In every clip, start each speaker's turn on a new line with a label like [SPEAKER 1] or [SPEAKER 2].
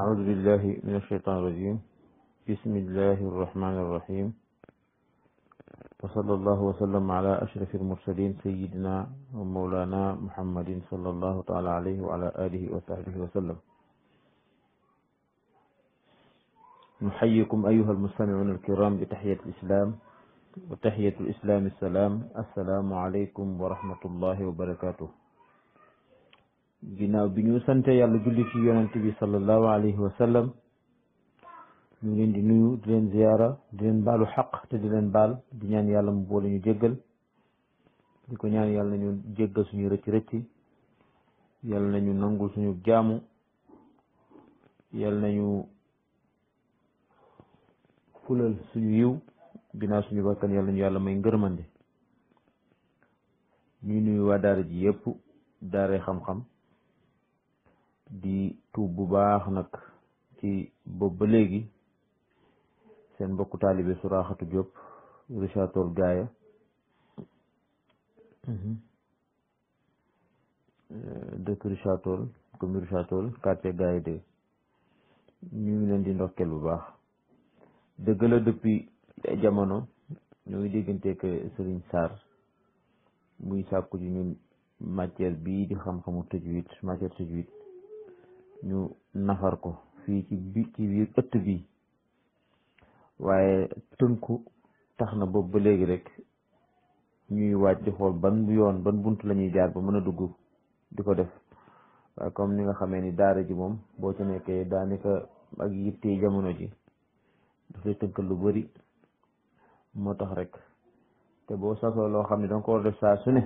[SPEAKER 1] أعوذ بالله من الشيطان الرجيم بسم الله الرحمن الرحيم وصلى الله وسلم على أشرف المرسلين سيدنا ومولانا محمد صلى الله تعالى عليه وعلى آله وصحبه وسلم نحييكم أيها المستمعون الكرام بتحية الإسلام وتحية الإسلام السلام السلام عليكم ورحمة الله وبركاته ginnaaw bi ñu sante yàlla julli ci yonent bi sallallahu alayhi wa sallam ñu leen di nuyu di leen ziyaara di leen baalu xaq te di leen baal di ñaan yàlla mu boole ñu jéggal di ko ñaan yàlla ñu jéggal suñu rëcc rëcc yàlla nañu nangul suñu jaamu yàlla nañu fulal suñu yiw ginnaaw suñu bakkan yàlla ñu yàlla may ngërmande ñuy nuyu waa daara ji yëpp daare xam-xam di tuub bu baax nag ci boobu ba léegi seen mbokku taalibe Suraxatu Diop Richard Toll gaaya mhm. euh, dëkk Richard Toll commune Richard Toll quartier gaaya de ñu ngi leen di ndokkeel bu baax dëgg la depuis jamono ñu ngi dégganteek Serigne Sarr muy sàkku ci ñun matière bii di xam-xamu tajwid matière tajwid ñu nafar ko fii ci bi ci biir ëtt bi waaye tënku tax na boobu ba léegi rek ñuy waaj di xool ban yoon ban bunt la ñuy jaar ba mën a dugg di ko def waaye comme ni nga xamee ni daara ji moom boo ci nekkee daanaka ak yittee jamono ji dafay tënkal lu bari moo tax rek te boo sasoo loo xam ne danga ko def saa su ne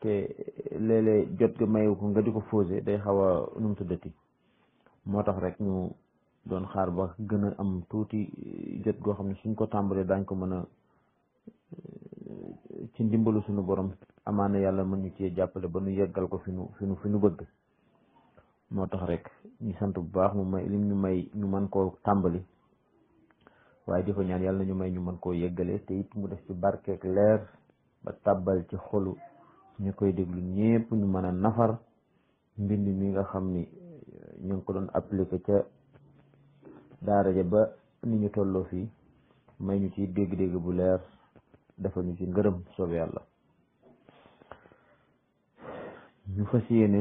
[SPEAKER 1] te léeg jot ga mayu ko nga di ko fausé day xaw a nu mu tuddati moo tax rek ñu doon xaar ba gën a am tuuti eh, jot goo xam ne suñ ko tàmbalee daañ ko mën a eh, ci ndimbalu suñu borom amaana yàlla mën ñu cee jàppale ba nu yeggal ko fi nu fi nu bëgg moo tax rek ñu sant bu baax mu may lim ñu may ñu mën koo tàmbali waaye di ko ñaan yàlla ñu may ñu mën koo yeggale te it mu def ci barkeek leer ba tàbbal ci xolu ñu koy déglu ñépp ñu mën a nafar mbind mi nga xam ni ñu ngi ko doon appliqué ca daara ja ba ni ñu tolloo fii may ñu ci dégg-dégg bu leer dafa ñu ci ngërëm soob yàlla ñu fas yéene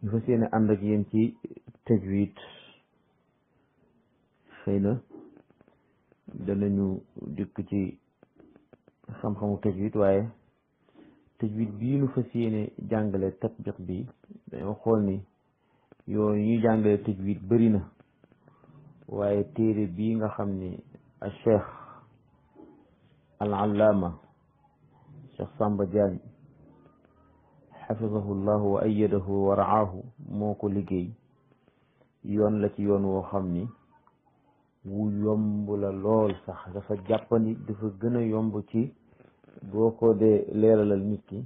[SPEAKER 1] ñu fas yéene ànd ak yéen ci tajwid xëy na ñu dikk ci xam-xamu tajwid waaye tajwid bii nu fas yéene jàngale tatbiq bi dañoo xool ni yoon yu ñuy jàngale tajwid bëri na waaye téere bii nga xam ni a cheikh al allaama cheikh samba diagne xafizahu llahu wa ayadahu wa raahu moo ko liggéey yoon la ci yoon woo xam ni wu yomb la lool sax dafa jàppandi dafa gën a yomb ci boo ko dee leeralal nit ki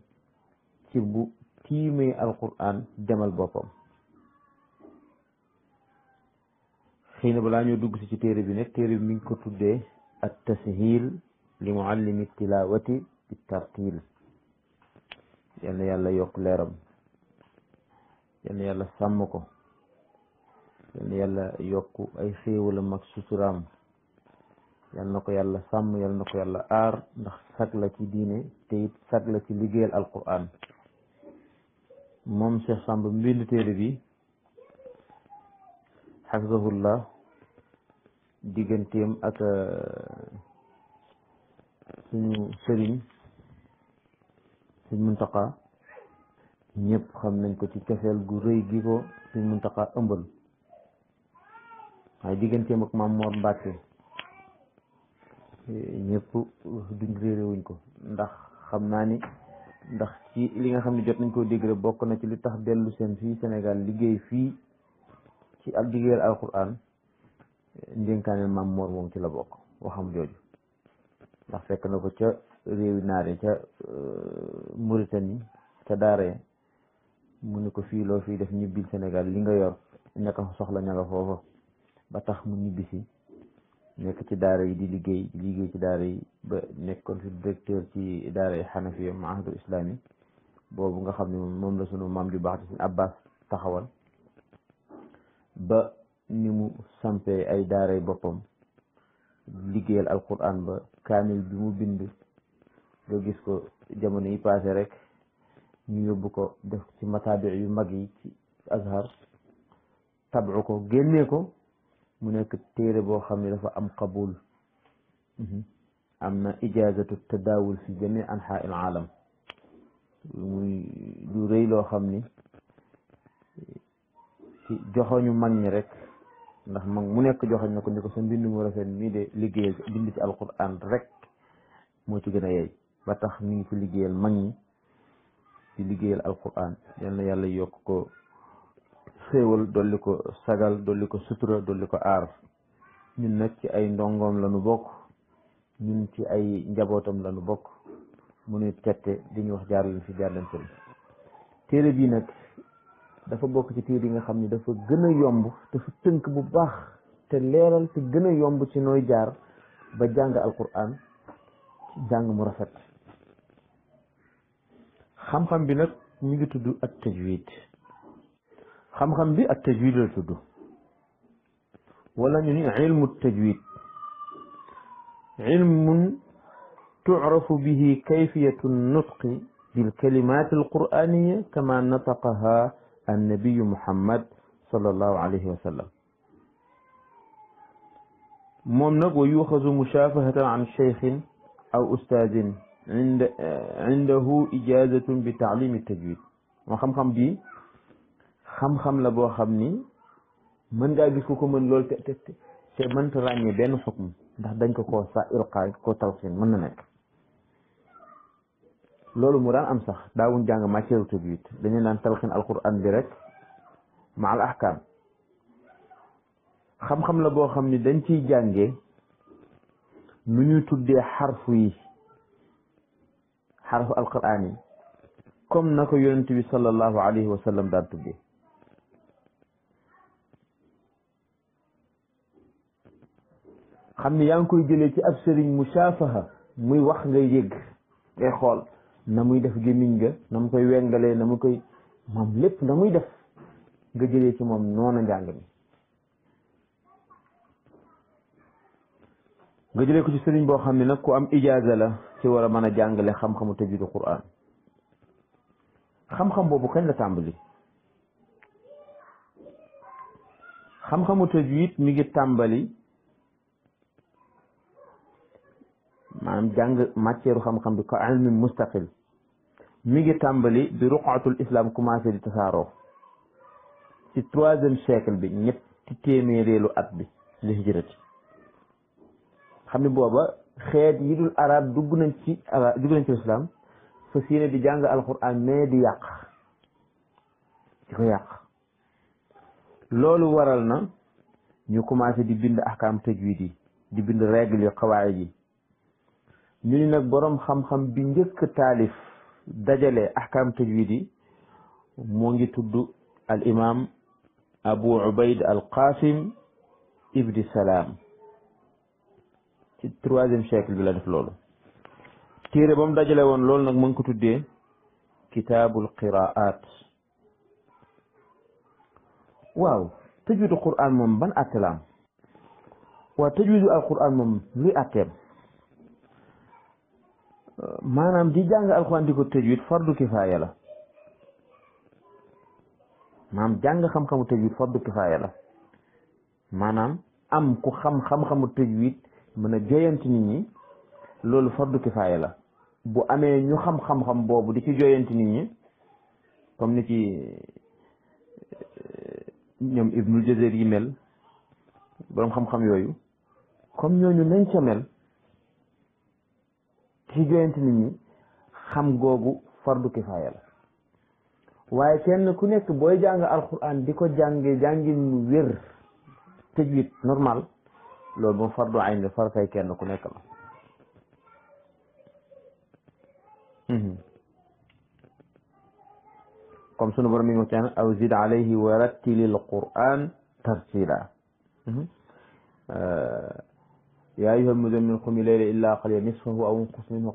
[SPEAKER 1] ci bu tiimee alquran demal boppam xëy na balaa ñoo dugg si ci téere bi nag téere bi mi ko tuddee at tashil li muallimi tilawati bi tartil yal na yàlla yokk leeram yal na yàlla sàmm ko yal na yàlla yokk ay xéewalam ak suturaam yal na ko yàlla sàmm yal na ko yàlla aar ndax sag la ci diine te it sag la ci liggéeyal alquran moom Cheikh Samb mbind téere bi xafisahullah digganteem ak euh, suñu sëriñ suñ muntaqa ñëpp xam nañ ko ci cofeel gu rëy gi ko suñ muntaqa ëmbal waaye digganteem ak maam Mor Mbàkke ñëpp duñ réeré wuñ ko ndax xam naa ni ndax ci li nga xam ne jot nañ koo dégg bokk na ci li tax dellu seen fii Sénégal liggéey fii ci ak liggéeyal alquran ndénkaane maam moor moom ci la bokk waxam jooju ndax fekk na ko ca réewi naare ca euh, Mauritanie ca daaree mu ne ko fiiloo loo fii def ñibbil Sénégal li nga yor ñaka soxla ña nga ba tax mu ñibbisi nekk ci daara yi di liggéey liggéey ci daara yi ba nekkoon fi directeur ci daara yi xanafiya mahadu islami boobu nga xam ne moom la sunu maam ju baax di suñu abbas taxawal ba ni mu sampee ay daaray boppam liggéeyal alquran ba kaamil bi mu bind nga gis ko jamono yi passé rek ñu yóbbu ko def ci mataabi yu mag yi ci azhar tabu ko génnee ko mu nekk téere boo xam ne dafa am qabul mm-hmm. am na ijaazatu tadaawul fi jami anha il aalam muy lu rëy loo xam ni ci joxoñu mag ñi rek ndax mag mu nekk joxoñ na ko ni ko sa mbind mu rafet mii de liggéeyal bind ci alquran rek moo ci gën a yey ba tax mi ngi ci liggéeyal mag ñi ci liggéeyal alquran yal na yàlla yokk ko xéewal dolli ko sagal dolli ko sutura dolli ko aar ñun nag ci ay ndongoom lañu bokk ñun ci ay njabootam lañu bokk mu nuy tette di ñu wax jaar leen fi jaar leen sëriñ téere bii nag dafa bokk ci téere yi nga xam ni dafa gën a yomb dafa tënk bu baax te leeral te gën a yomb ci nooy jaar ba jàng alquran jàng mu rafet xam-xam bi nag ñu ngi tudd at wiit خم خم بي التجويد لتدو ولا tudd علم التجويد علم تعرف به كيفية النطق بالكلمات القرآنية كما نطقها النبي محمد صلى الله عليه وسلم ممنق ويؤخذ مشافهة عن شيخ أو أستاذ عند عنده إجازة بتعليم التجويد وخم خم دي xam-xam la boo xam ni mën ngaa gis ku ko mën loolu te te te mënta ràññee benn xukm ndax dañ ko ko sa ilqaay ko talxin mën na nekk loolu mu daan am sax daawuñ jàng matière tajwid dañu daan talxin alquran bi rek ma al ahkam xam-xam la boo xam ni dañ ciy jànge nu ñuy tuddee xarfu yi xarfu alquran yi comme na ko yonent bi sallallahu alayhi wa daan tuddee xam ni yaa ngi koy jëlee ci ab sëriñ mu musaafaha muy wax ngay yëgg ngay xool na muy def gémmiñ ga na mu koy wengalee na mu koy moom lépp na muy def nga jëlee ci moom noona njàng mi nga jëlee ko ci sëriñ boo xam ne nag ku am ijaaza la ci war a mën a jàngale xam-xamu tajwidu Qur'an xam-xam boobu kañ la tàmbali xam-xamu tajwid mi ngi tàmbali maanaam jàng matière xam-xam bi ko ilmi mustaqil mi ngi tàmbali bi ruqatul islam commencé di tasaaroo ci troisième siècle bi ñetti téeméeréelu at bi li hijrati xam ne booba xeet yi dul arab dugg nañ ci arab dugg nañ ci islam fa siine di jàng alquran mais di yàq di ko yàq loolu waral na ñu commencé di bind ahkaam tajwid yi di bind règle yu xawaayid yi ñu ni nag boroom xam-xam bi njëkk taalif dajale ahkaam tajwid yi moo ngi tudd al imam abu ubayd al qasim ibni salaam ci troisième siècle def loolu téere ba dajale woon loolu nag mu ngi ko tuddee kitaabul qiraat waaw tajwidu quran moom ban àtte la am waaw moom luy àtteem maanaam di jàng alxuraan di ko tajwid fardu kifaaya la maam jàng xam-xamu tajwid fardu kifaaya la maanaam am ku xam xam-xamu tajwid mën a joyanti nit ñi loolu fardu kifaaya la bu amee ñu xam xam-xam boobu di ci joyanti nit ñi comme ni ci eh, ñoom Ibnul Jazari yi mel boroom xam-xam yooyu comme ñooñu nañ ca mel ci génnante nit ñi xam googu fardu kifaaya waaye kenn ku nekk booy jàng alquran di ko jànge jàngin mu wér tajwid normal loolu moom fardu ayn la faratay kenn ku nekk la mhm. comme sunu borom mi ngi wax aw zid alayhi wa rattilil quran tartila mhm. euh, يا أيها المزمن قم الليل إلا قليل نصفه أو انقص منه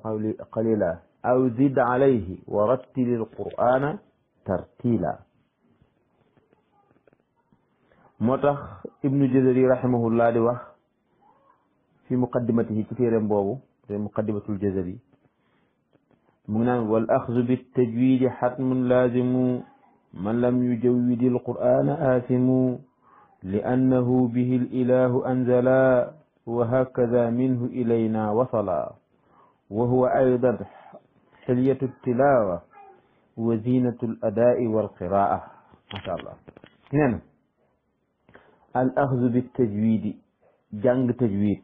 [SPEAKER 1] قليلا أو زد عليه ورتل القرآن ترتيلا موتخ ابن جزري رحمه الله لوح في مقدمته كثيرا بابو في مقدمة الجزري مغنان والأخذ بالتجويد حتم لازم من لم يجود القرآن آثم لأنه به الإله أنزلا وهكذا منه إلينا وصلا وهو أيضا حلية التلاوة وزينة الأداء والقراءة ما شاء الله نعم الأخذ بالتجويد جنگ تجويد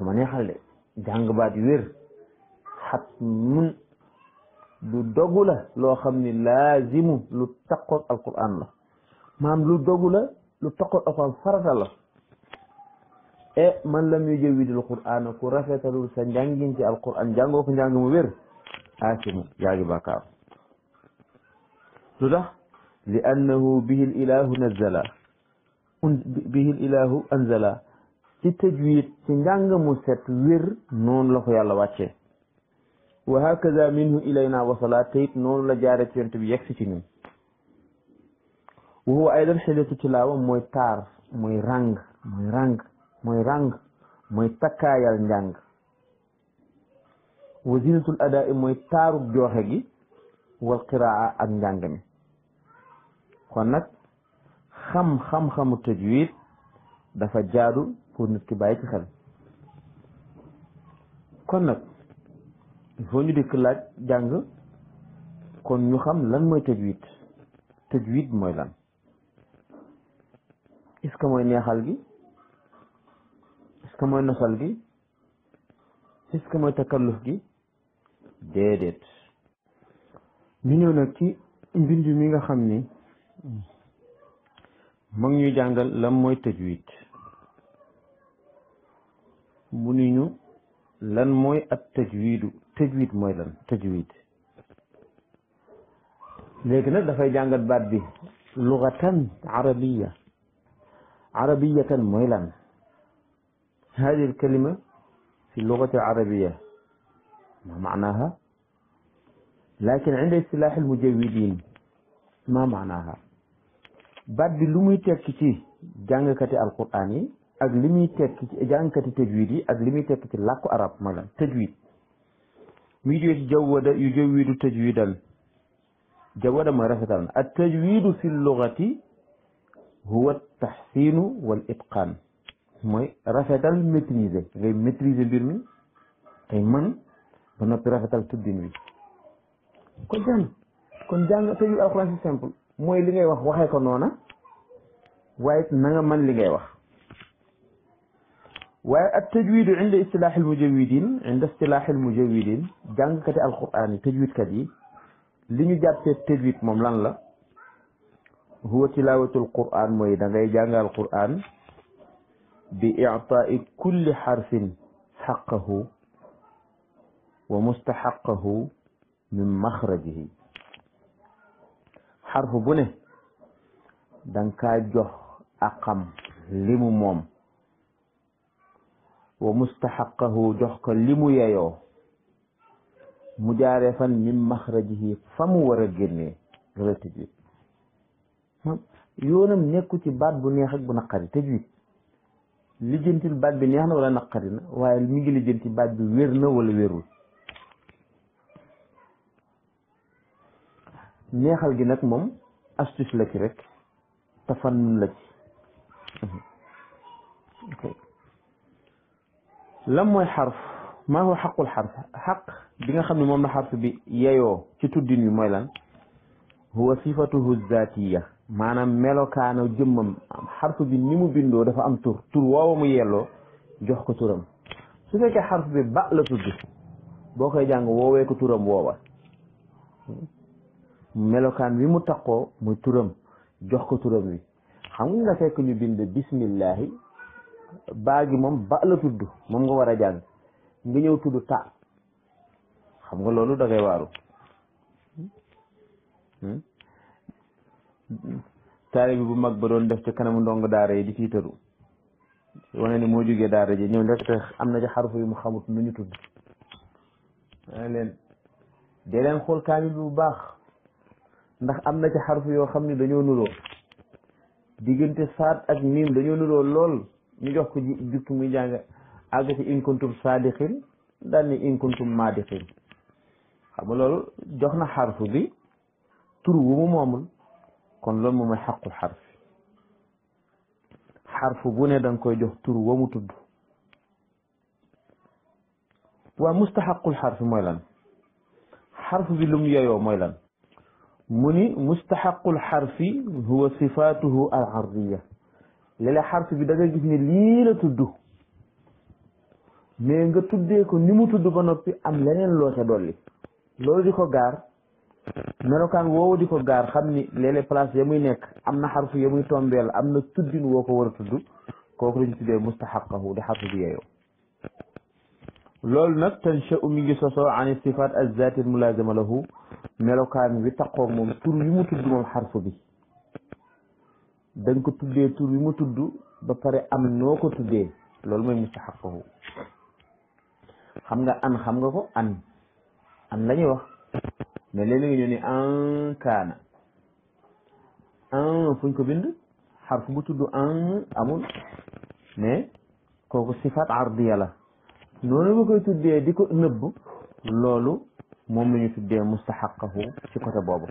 [SPEAKER 1] ما نحل جنگ بعد وير حتم lu dogu la لو xam ni laazimu lu taqoon alquran la maam lu dogu la lu e man lam yu jawwidil qur'ana ku rafetalul sa njàngin ci alquran jàngoo ko njàng mu wér asimu yaa ngi bàkkaar lu li annahu bihi l ilahu bihi l anzala ci tajwid ci njàng mu set wér noonu la ko yàlla wàccee wa hakaza minhu ilayna wasala te it noonu la jaare ci yonent bi yegsi ci ñun wa huwa aydan xillatu tilaawa mooy taar mooy rang mooy rang mooy ràng mooy takkaayal njàng wa zinatul adaa mooy taarub jooxe gi wal qiraa ak njàng mi kon nag xam xam-xamu tajwid dafa jaadu pour nit ki ci xel kon nag il faut ñu dikk laaj jàng kon ñu xam lan mooy tajwid tajwid mooy lan est-ce mooy neexal gi fisk mooy nosal gi fisk mooy takalluf gi déedéet ñu ñëw nag ci mbind mi nga xam ni mu ngi ñuy jàngal lan mooy tajwid mu ni ñu lan mooy at tajwidu mooy lan tajwid léegi nag dafay jàngal baat bi lugatan arabiya arabiyatan mooy lan هذه الكلمة في اللغة العربية ما معناها لكن عند السلاح المجاورين ما معناها بعد لمي تكتي جانا كتي القرآني أك كتي تكتي كتي تجويدي أك كتي لاكو عرب مالا تجويد ميجوية جوودة يجويد تجويدا جوودة مرافة التجويد في اللغة هو التحسين والإتقان mooy rafetal maîtriser ngay maîtriser mbir mi ngay mën ba noppi rafetal tuddin wi kon jàng kon jàng te yu alxuraan si simple mooy li ngay wax waxee ko noona waaye na man li ngay wax waaye at tajwidu inda istilaaxil mujawidin inda istilaaxil mujawidin jàngkati alxuraan yi tajwidkat yi li ñu jàppee tajwid moom lan la huwa tilaawatul quraan mooy da ngay jàngal quraan bi ictaai kulli xarfin xaqahu wa mustaxaqahu min maxrajihi xarfu bu ne danga kaa jox aqam limu moom wa mustaxaqahu jox ko limu yeyoo mu jaaree fan min maxrajihi fa mu war a génnee relative yoonam nekku ci baat bu neex ak bu naqari tajwid lijjantil baat bi neex na wala naqari na waaye mi ngi lijjanti baat bi wér na wala wérul neexal gi nag moom astuce la ci rek te la ci lan mooy xarf maa huwa xaqul xarf xaq bi nga xam ne moom na xarf bi yeyoo ci tuddin wi mooy lan huwa sifatuhu zaatiya maanaam melokaano jëmmam xarf bi ni mu bindoo dafa am tur tur woowa mu yelloo jox ko turam su fekkee xarf bi ba la tudd boo koy jàng woowee ko turam woowa melokaan wi mu taqoo muy turam jox ko turam wi xam nga fekk ñu bind bismillahi baa gi moom ba la tudd moom nga war a jàng nga ñëw tudd ta xam nga loolu da waaru hmm? bi bu mag ba doon def ci kanamu ndongo daara yi di tiitaru wane ni moo jógee daara ji ñëw ndekete am na ci xarufu yu mu xamut nu ñu tudd leen dee leen xool kaamil bi bu baax ndax am na ci xarufu yoo xam ne dañoo nuroo diggante saat ak miim dañoo nuroo lool ñu jox ko jukki muy jàng àgg ci in kuntum saadiqin daal ni in kuntum maadiqin loolu jox na xarfu bi tur wu mu moomul kon loolu moom mooy xaqul xarf xarf bu ne da koy jox tur wa mu tudd waa mustaxaqul xarf mooy lan xarf bi lu mu yoyoo mooy lan mu ni mustaxaqul xarfi huwa sifaatuhu al ardiya léeg bi daga gis ne lii la tudd mais nga tuddee ko ni mu tudd ba noppi am leneen loo ca dolli loolu di ko gaar melokaan woowu di ko gaar xam ni léeg-léeg place ya muy nekk am na xarfu ya muy tombeel am na tuddin woo ko war a tudd kooku lañ tuddee mustaxaqahu di xarfu bi yeeyoo loolu nag tansha'u mi ngi sosoo an sifaat azzaati mulaazima lahu melokaan wi taqoog moom tur wi mu tudd moom xarfu bi da ko tuddee tur wi mu tudd ba pare am noo ko tuddee loolu mooy mustaxaqahu xam nga an xam nga ko an an la wax mais léeg-léeg ñu ne an kaana an fuñ ko bind xarf bu tudd an amul mais kooku sifaat ardiya la noonu nga koy tuddee di ko nëbb loolu moom mu ñu tuddee mustaxaqahu ci côté boobu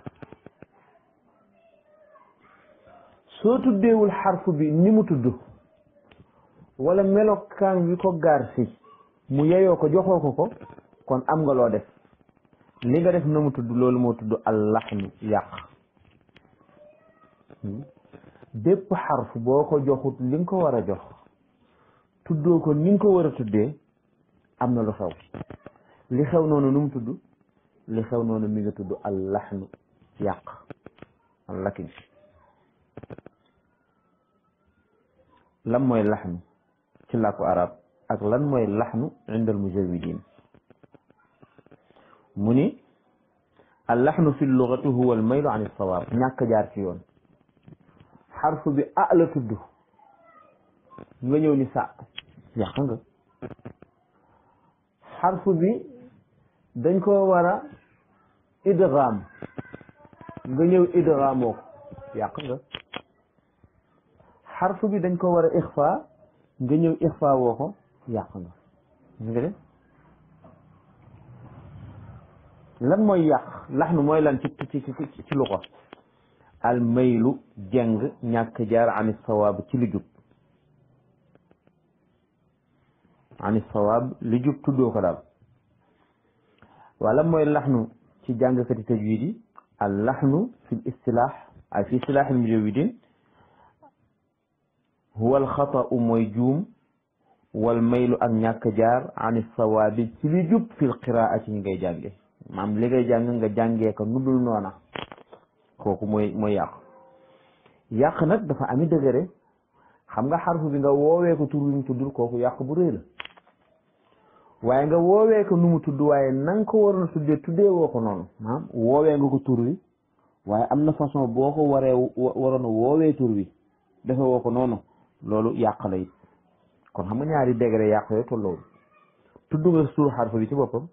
[SPEAKER 1] soo tuddeewul xarf bi ni mu tudd wala melokaan wi ko gaar mu yeyoo ko joxoo ko ko kon am nga loo def li nga def na mu tudd loolu moo tudd allaxnu yàq hmm? bépp xarf boo ko joxut li nga ko war a jox tuddoo ko ni ko war a tuddee am na lu xew li xew noonu nu mu tudd li xew noonu mi nga tudd allaxnu yàq allakin lan mooy laxnu ci làkku arab ak lan mooy laxnu indal mujawidin mu ni allaxnu fi lugati huwa almaylu an ilsawaab ñàkk jaar ci yoon xarfu bi ah la tudd nga ñëw ni sa yàq nga xarfu bi dañ koo war a idgaam nga ñëw idgaamoo ko yàq nga xarfu bi dañ ko war a ixfa nga ñëw ixfa woo ko yàq nga nga de lan mooy yàq laxnu mooy lan ci ci ci ci luxa al maylu jeng ñàkk jaar ani sawaab ci lu jub ani sawaab lu jub tuddoo ko daal waa lan mooy laxnu ci jàngkati tajwid yi al laxnu fi l istilaax ay fi istilaax al mujawidin huwa al xata'u mooy juum wal maylu ak ñàkk jaar ani sawaabi ci lu jub fi l qiraati ñu ngay jànge maam li ngay jàng nga jàngee ko nu dul noona kooku mooy mooy yàqu yàq nag dafa ami dëgëre xam nga xarfu bi nga woowee ko tur bi mu tuddul kooku yàq bu rëy la waaye nga woowee ko nu mu tudd waaye na ko waroon tuddee tuddee woo noonu maam woowee nga ko tur wi waaye am na façon boo ko waree waroon a woowee tur wi dafa woo ko noonu loolu yàq la it kon xam nga ñaari degré yàq yooyu tolloo tudd nga suur xarfu bi ci boppam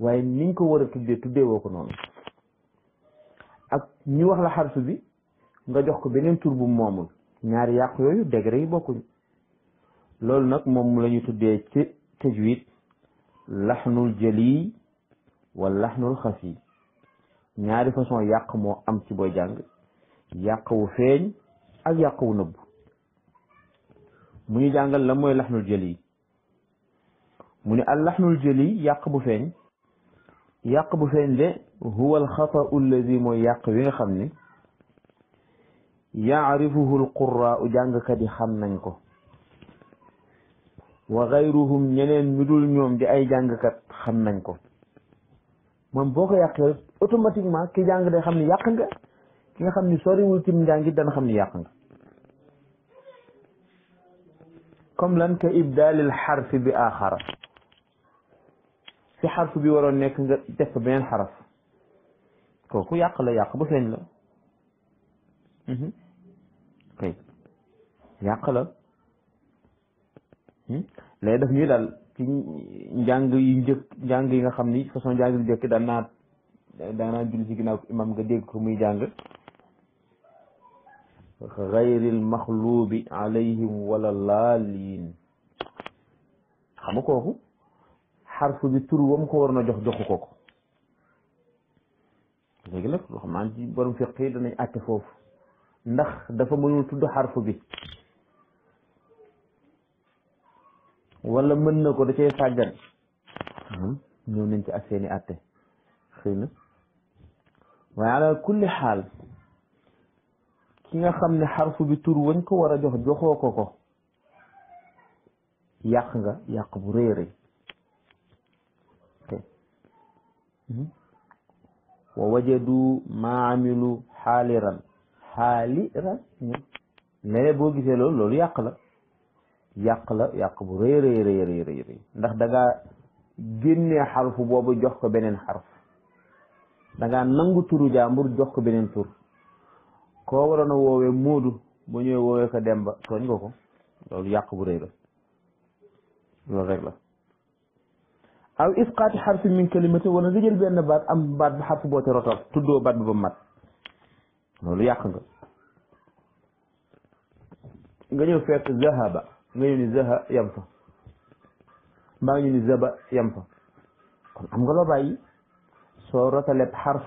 [SPEAKER 1] waaye ni ko war a tuddee tuddee woo ko noonu ak ñu wax la xarsu bi nga jox ko beneen tur bu moomul ñaari yàqu yooyu degré yi bokkuñ loolu nag moom la ñu tuddee ci tajwid laxnul jëli wala laxnul xafi ñaari façon yàq moo am ci booy jàng yàq wu feeñ ak yàq wu nëbb mu ñu jàngal la mooy laxnul jëli mu ne al laxnul jëli yàq bu feeñ يقب فند هو الخطأ الذي ما يقب خمني يعرفه القراء جانغ كدي خمنكو وغيرهم ينين مدول نيوم دي أي جانغ كد خمنكو من بوك يقل أوتوماتيك ما كي جانغ دي خمني يقنغ كي خمني سوري ولتم جانغ دي خمني يقنغ كم لنك إبدال الحرف بآخره fi xarf bi waroon nekk nga def fa beneen xaraf kooku yàq la yàq bu feeñ la mhm. kay yàq la hmm? léegi daf ñuy daal ci njàng yi njëkk njàng yi nga xam ni façon njàng yu njëkk daan naa daan naa julli ci ginnaaw imam nga dégg ko muy jàng xayril maxluubi alayhim wala laaliin xam kooku xarfu bi tur wam ko war a jox joxu ko ko léegi nag loo xam ci borom fiq yi danañ àtte foofu ndax dafa mënul tudd xarfu bi wala mën na ko da cee sàggan ci ak seeni àtte xëy na waaye ala kulli xaal ki nga xam ne xarfu bi tur wañ ko war a jox joxoo ko ko yàq nga yàq bu rëy rëy Hmm? wa wajadu ma amilu xaaliran xaaliran hmm. mais boo gisee loolu loolu yàq la yàq la yàq bu rëy rëy rëy ndax da ngaa génnee xarfu boobu jox ko beneen xarf da nangu turu jàmbur jox ko beneen tur koo waroon a woowee Moodu bu ñëwee woowee ko Demba tooñ nga ko loolu yàq bu rëy la loolu rek la أو إسقاط حرف من كلمة ولا رجل بأن بعد أم بعد حرف بوت رطب تدو بعد بمات نقول يا خنق غنيو فيك ذهب غنيو نزه يمفا ما غنيو نزبا يمفا أم قالوا باي صورة لب حرف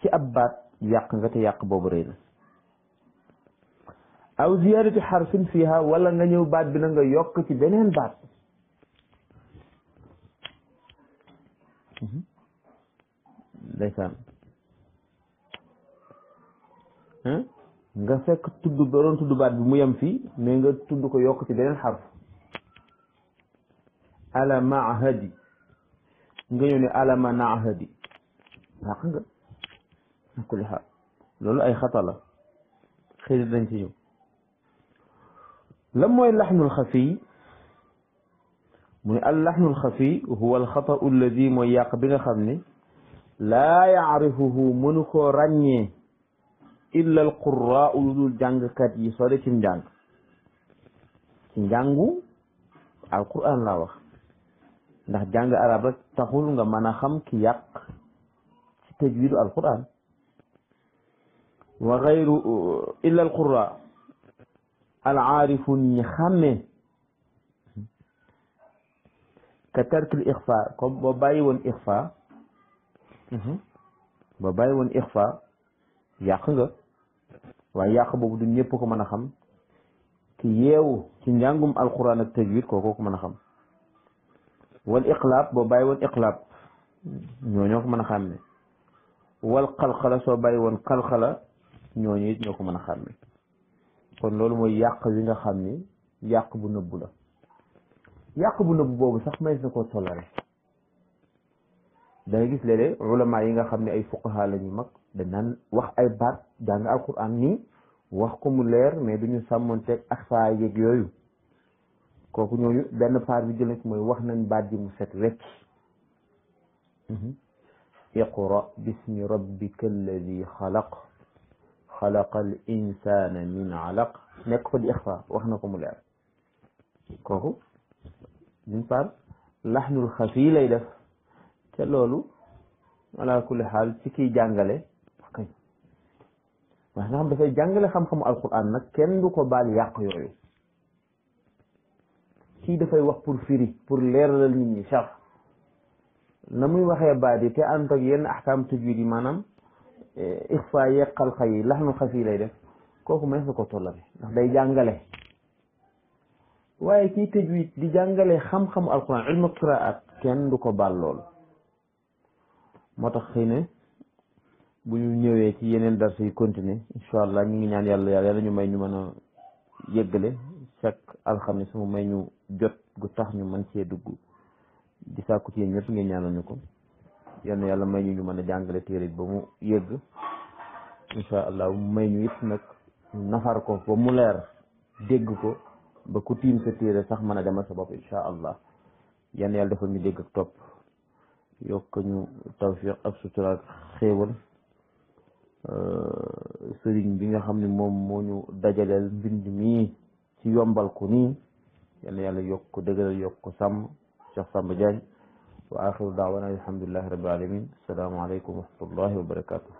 [SPEAKER 1] كي أبات يقنغة يقبو برين أو زيارة حرف فيها ولا غنيو بعد بنغة يوك كي بعد ndeysaan ¿Eh? nga fekk tudd ba tudd baat bi mu yem fii mais nga tudd ko yokk ci beneen xarf ala mahadi nga ñëw ne ala manahadi xaq nga akuli xaal loolu ay xata la xëy dañ ci ñëw lan mooy laxnul xafiy من اللحن الخفي هو الخطأ الذي ما يقبل خمني لا يعرفه من راني إلا القراء ذو الجنگ كتي صلي كم جنگ كم جنگ القرآن لا وخ نح جنگ عربة تقول نغا منا خم كيق تجويد القرآن وغير إلا القراء العارف نخمه ka tarkil ixfa comme boo bàyyi woon ixfa mhm. boo bàyyi woon ixfa yàq nga waaye yàq boobu du ñëpp ko mën a xam ki yeewu ci njàngum alquran ak tajwid kooku ko mën a xam wal iqlaab boo bàyyi woon iqlaab ñoo ko mën a xàmme wal xalxala soo bàyyi woon xalxala ñoo it ñoo ko mën a xàmme kon loolu mooy yàq wi nga xam ni yàq bu nëbbu la yàq bu nëbb boobu sax may sa koo toléré da nga gis léeg-léeg ulama yi nga xam ne ay fuqaha la ñu mag danaan wax ay baat jàng alquran nii wax ko mu leer mais duñu sàmmonteeg ak saa yeeg yooyu kooku ñooñu benn paar bi jël ci mooy wax nañ baat ji mu set wecc iqra bismi rabbika alladi xalaq xalaqal insana min alaq nekk fa di ixfa wax na ko mu leer kooku d'une part laxnul xafi lay def te loolu ala kulli xaal ci kiy jàngale kañ waaye xam dafay jàngale xam-xamu alquran nag kenn du ko baal yàq yooyu kii dafay wax pour firi pour leeralal nit ñi sharx na muy waxee baat yi te ànd ak yenn axkaam tajwid yi maanaam eh, ixfa yeeg xalxa yi laxnul xafi lay def kooku may na ko tollale ndax day jàngale waaye kiy tajwid di jàngale xam-xamu alquran ilmu qiraat kenn du ko baal lool moo tax xëy ne bu ñu ñëwee ci yeneen dars yi continuer incha allah ñu ngi ñaan yàlla yàlla ñu may ñu mën a yëggale chaque alxames mu may ñu jot gu tax ñu mën cee dugg di sàkku ci yéen ñëpp ngeen ñaanal ko yenn yàlla may ñu ñu mën a jàngale téere ba mu yëgg incha allah may ñu it nag nafar ko ba mu leer dégg ko بكتيم ستيرة سخ من دم سبب إن شاء الله يعني يلا دخل ميديك توب يوكنيو توفيق أبسطرا خيول سرين بيني خامن مم مونيو دجال بندمي تيوم بالكوني يعني يلا يوكو دجال يوكو سام شخص مجاني وآخر دعوانا الحمد لله رب العالمين السلام عليكم ورحمة الله وبركاته